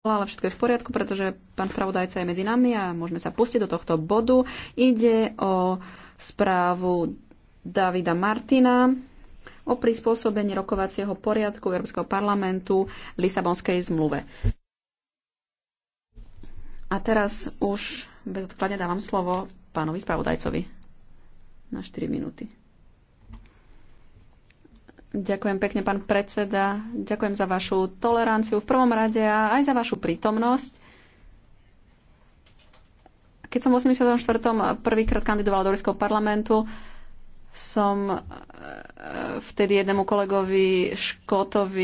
No, ale všetko je v poriadku, pretože pán spravodajca je medzi nami a môžeme sa pustiť do tohto bodu. Ide o správu Davida Martina o prispôsobení rokovacieho poriadku Európskeho parlamentu Lisabonskej zmluve. A teraz už bezodkladne dávam slovo pánovi spravodajcovi na 4 minúty. Ďakujem pekne, pán predseda. Ďakujem za vašu toleranciu v prvom rade a aj za vašu prítomnosť. Keď som v 84. prvýkrát kandidovala do Ruského parlamentu, som e, vtedy jednému kolegovi Škotovi